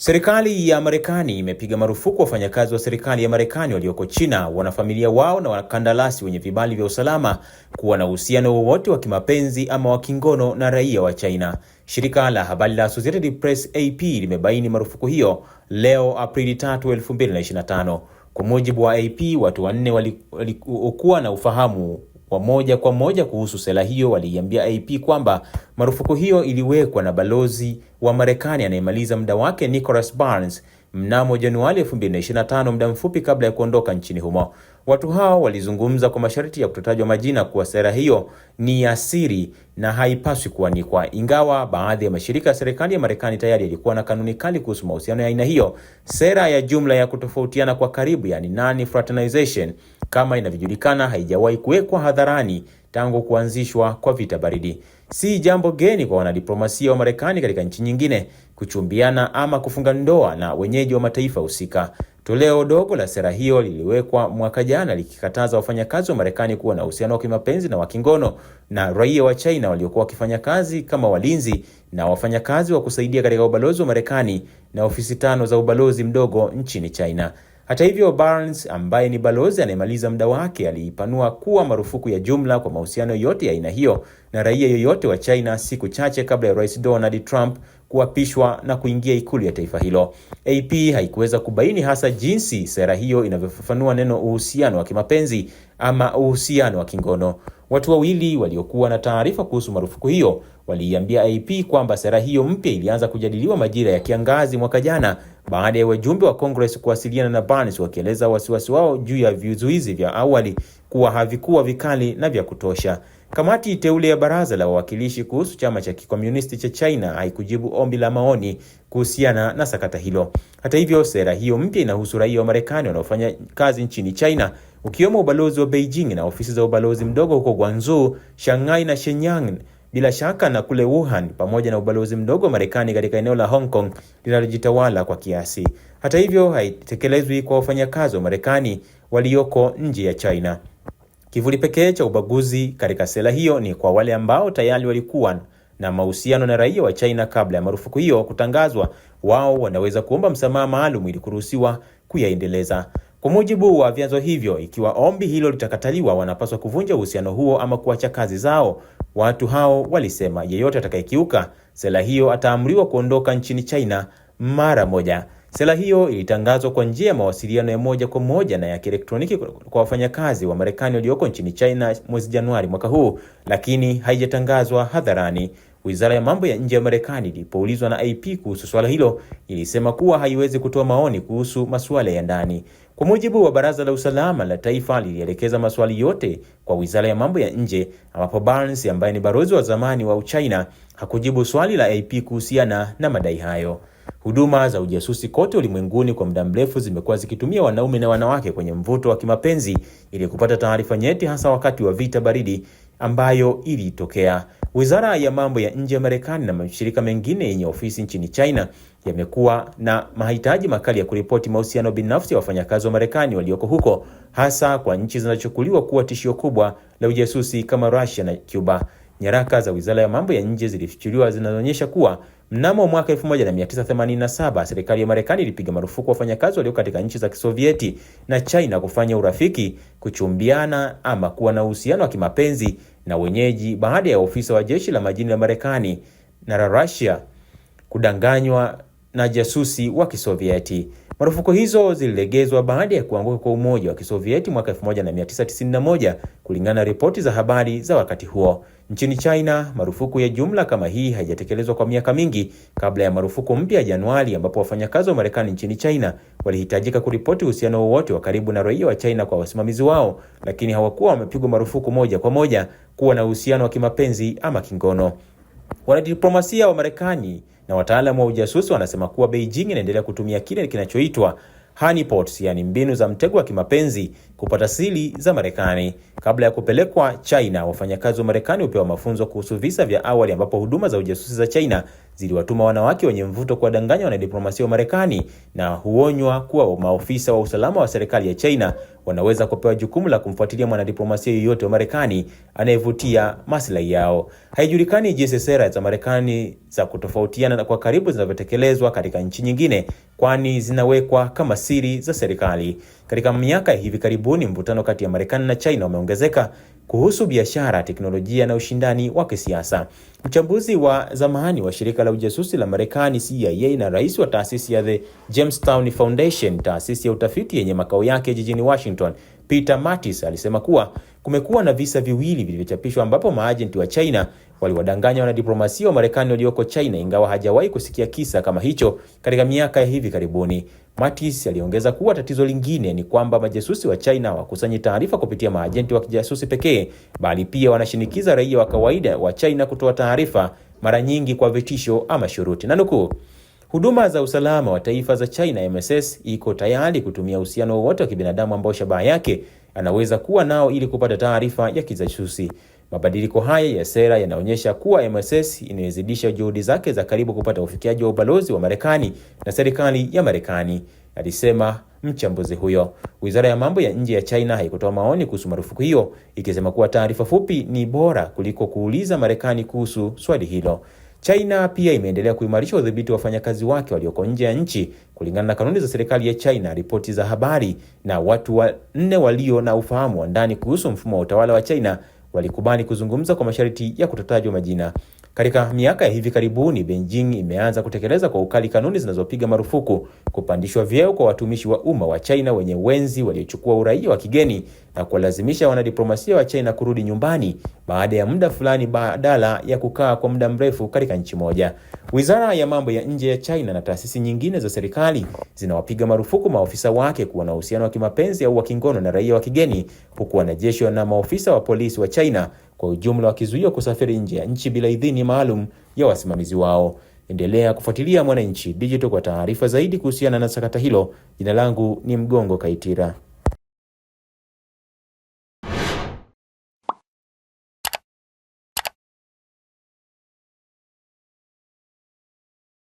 Serikali ya Marekani imepiga marufuku wafanyakazi wa serikali ya Marekani walioko China, wanafamilia wao na wakandarasi wenye vibali vya usalama kuwa na uhusiano wowote wa kimapenzi ama wa kingono na raia wa China. Shirika la habari la Associated Press AP limebaini marufuku hiyo leo Aprili 3, 2025. Kwa mujibu wa AP, watu wanne waliokuwa na ufahamu wa moja kwa moja kuhusu sera hiyo waliiambia AP kwamba marufuku hiyo iliwekwa na balozi wa Marekani anayemaliza muda wake Nicholas Burns mnamo Januari 2025, muda mfupi kabla ya kuondoka nchini humo. Watu hao walizungumza kwa masharti ya kutotajwa majina kuwa sera hiyo ni ya siri na haipaswi kuanikwa. Ingawa baadhi ya mashirika ya serikali ya Marekani tayari yalikuwa na kanuni kali kuhusu mahusiano ya aina hiyo, sera ya jumla ya kutofautiana kwa karibu, yani non-fraternization, kama inavyojulikana, haijawahi kuwekwa hadharani tangu kuanzishwa kwa vita baridi. Si jambo geni kwa wanadiplomasia wa Marekani katika nchi nyingine kuchumbiana ama kufunga ndoa na wenyeji wa mataifa husika. Toleo dogo la sera hiyo liliwekwa mwaka jana likikataza wafanyakazi wa Marekani kuwa na uhusiano wa kimapenzi na wa kingono na raia wa China China waliokuwa wakifanya kazi kama walinzi na wafanyakazi wa kusaidia katika ubalozi wa Marekani na ofisi tano za ubalozi mdogo nchini China. Hata hivyo, Barnes ambaye ni balozi anayemaliza muda wake aliipanua kuwa marufuku ya jumla kwa mahusiano yote ya aina hiyo na raia yoyote wa China siku chache kabla ya Rais Donald Trump kuapishwa na kuingia ikulu ya taifa hilo. AP haikuweza kubaini hasa jinsi sera hiyo inavyofafanua neno uhusiano wa kimapenzi ama uhusiano wa kingono. Watu wawili waliokuwa na taarifa kuhusu marufuku hiyo waliiambia AP kwamba sera hiyo mpya ilianza kujadiliwa majira ya kiangazi mwaka jana baada ya wajumbe wa Congress kuwasiliana na Barnes wakieleza wasiwasi wao juu ya vizuizi vya awali kuwa havikuwa vikali na vya kutosha. Kamati teule ya Baraza la Wawakilishi kuhusu chama cha kikomunisti cha China haikujibu ombi la maoni kuhusiana na sakata hilo. Hata hivyo, sera hiyo mpya inahusu raia wa Marekani wanaofanya kazi nchini China, ukiwemo ubalozi wa Beijing na ofisi za ubalozi mdogo huko Guangzhou, Shanghai na Shenyang bila shaka na kule Wuhan pamoja na ubalozi mdogo wa Marekani katika eneo la Hong Kong linalojitawala kwa kiasi. Hata hivyo, haitekelezwi kwa wafanyakazi wa Marekani walioko nje ya China. Kivuli pekee cha ubaguzi katika sera hiyo ni kwa wale ambao tayari walikuwa na mahusiano na raia wa China kabla ya marufuku hiyo kutangazwa. Wao wanaweza kuomba msamaha maalum ili kuruhusiwa kuyaendeleza. Kwa mujibu wa vyanzo hivyo, ikiwa ombi hilo litakataliwa, wanapaswa kuvunja uhusiano huo ama kuacha kazi zao Watu hao walisema yeyote atakayekiuka sera hiyo ataamriwa kuondoka nchini China mara moja. Sera hiyo ilitangazwa kwa njia ya mawasiliano ya moja kwa moja na ya kielektroniki kwa wafanyakazi wa Marekani walioko nchini China mwezi Januari mwaka huu, lakini haijatangazwa hadharani. Wizara ya mambo ya nje ya Marekani ilipoulizwa na AP kuhusu swala hilo, ilisema kuwa haiwezi kutoa maoni kuhusu masuala ya ndani. Kwa mujibu wa Baraza la Usalama la Taifa, lilielekeza maswali yote kwa Wizara ya Mambo ya Nje, ambapo Burns ambaye ni balozi wa zamani wa Uchina hakujibu swali la AP kuhusiana na madai hayo. Huduma za ujasusi kote ulimwenguni kwa muda mrefu zimekuwa zikitumia wanaume na wanawake kwenye mvuto wa kimapenzi ili kupata taarifa nyeti, hasa wakati wa vita baridi ambayo ilitokea. Wizara ya mambo ya nje ya Marekani na mashirika mengine yenye ofisi nchini China yamekuwa na mahitaji makali ya kuripoti mahusiano binafsi ya wafanyakazi wa Marekani walioko huko, hasa kwa nchi zinazochukuliwa kuwa tishio kubwa la ujasusi kama Russia na Cuba. Nyaraka za Wizara ya mambo ya nje zilifichuliwa zinazoonyesha kuwa mnamo mwaka 1987 serikali ya Marekani ilipiga marufuku wafanyakazi walio katika nchi za Kisovieti na China kufanya urafiki, kuchumbiana ama kuwa na uhusiano wa kimapenzi na wenyeji baada ya ofisa wa jeshi la majini la Marekani na la Russia kudanganywa na jasusi wa Kisovieti. Marufuku hizo zililegezwa baada ya kuanguka kwa Umoja wa Kisovieti mwaka 1991 kulingana na ripoti za habari za wakati huo. Nchini China, marufuku ya jumla kama hii haijatekelezwa kwa miaka mingi kabla ya marufuku mpya ya Januari, ambapo wafanyakazi wa Marekani nchini China walihitajika kuripoti uhusiano wowote wa karibu na raia wa China kwa wasimamizi wao, lakini hawakuwa wamepigwa marufuku moja kwa moja kuwa na uhusiano wa kimapenzi ama kingono. Wanadiplomasia wa Marekani na wataalamu wa ujasusi wanasema kuwa Beijing inaendelea kutumia kile kinachoitwa honeypots, yani mbinu za mtego wa kimapenzi kupata siri za Marekani. Kabla ya kupelekwa China, wafanyakazi wa Marekani hupewa mafunzo kuhusu visa vya awali ambapo huduma za ujasusi za China ziliwatuma wanawake wenye mvuto kuwadanganya wanadiplomasia wa Marekani na huonywa kuwa maofisa wa usalama wa serikali ya China wanaweza kupewa jukumu la kumfuatilia mwanadiplomasia yeyote wa Marekani anayevutia maslahi yao. Haijulikani jinsi sera za Marekani za kutofautiana kwa karibu zinavyotekelezwa katika nchi nyingine, kwani zinawekwa kama siri za serikali. Katika miaka hivi karibu karibuni mvutano kati ya Marekani na China umeongezeka kuhusu biashara, teknolojia na ushindani wa kisiasa. Mchambuzi wa zamani wa shirika la ujasusi la Marekani CIA na rais wa taasisi ya The Jamestown Foundation, taasisi ya utafiti yenye makao yake jijini Washington, Peter Mattis alisema kuwa kumekuwa na visa viwili vilivyochapishwa ambapo maajenti wa China waliwadanganya wanadiplomasia wa Marekani walioko China, ingawa hajawahi kusikia kisa kama hicho katika miaka ya hivi karibuni. Mattis aliongeza kuwa tatizo lingine ni kwamba majasusi wa China hawakusanyi taarifa kupitia maajenti wa kijasusi pekee, bali pia wanashinikiza raia wa kawaida wa China kutoa taarifa, mara nyingi kwa vitisho ama shuruti. Na nukuu, huduma za usalama wa taifa za China MSS iko tayari kutumia uhusiano wowote wa kibinadamu ambao shabaha yake anaweza kuwa nao ili kupata taarifa ya kijasusi. Mabadiliko haya ya sera yanaonyesha kuwa MSS inazidisha juhudi zake za karibu kupata ufikiaji wa ubalozi wa Marekani na serikali ya Marekani, alisema mchambuzi huyo. Wizara ya mambo ya nje ya China haikutoa maoni kuhusu marufuku hiyo, ikisema kuwa taarifa fupi ni bora kuliko kuuliza Marekani kuhusu swali hilo. China pia imeendelea kuimarisha udhibiti wa wafanyakazi wake walioko nje ya nchi kulingana na kanuni za serikali ya China, ripoti za habari na watu wanne walio na ufahamu wa ndani kuhusu mfumo wa utawala wa China walikubali kuzungumza kwa masharti ya kutotajwa majina. Katika miaka ya hivi karibuni, Beijing imeanza kutekeleza kwa ukali kanuni zinazopiga marufuku kupandishwa vyeo kwa watumishi wa umma wa China wenye wenzi waliochukua uraia wa kigeni na kuwalazimisha wanadiplomasia wa China kurudi nyumbani baada ya muda fulani badala ya kukaa kwa muda mrefu katika nchi moja. Wizara ya Mambo ya Nje ya China na taasisi nyingine za serikali zinawapiga marufuku maofisa wake kuwa na uhusiano wa kimapenzi au wa kingono na raia wa kigeni, huku wanajeshi na maofisa wa polisi wa China kwa ujumla wakizuiwa kusafiri nje ya nchi bila idhini maalum ya wasimamizi wao. Endelea kufuatilia Mwananchi Digital kwa taarifa zaidi kuhusiana na sakata hilo. Jina langu ni Mgongo Kaitira.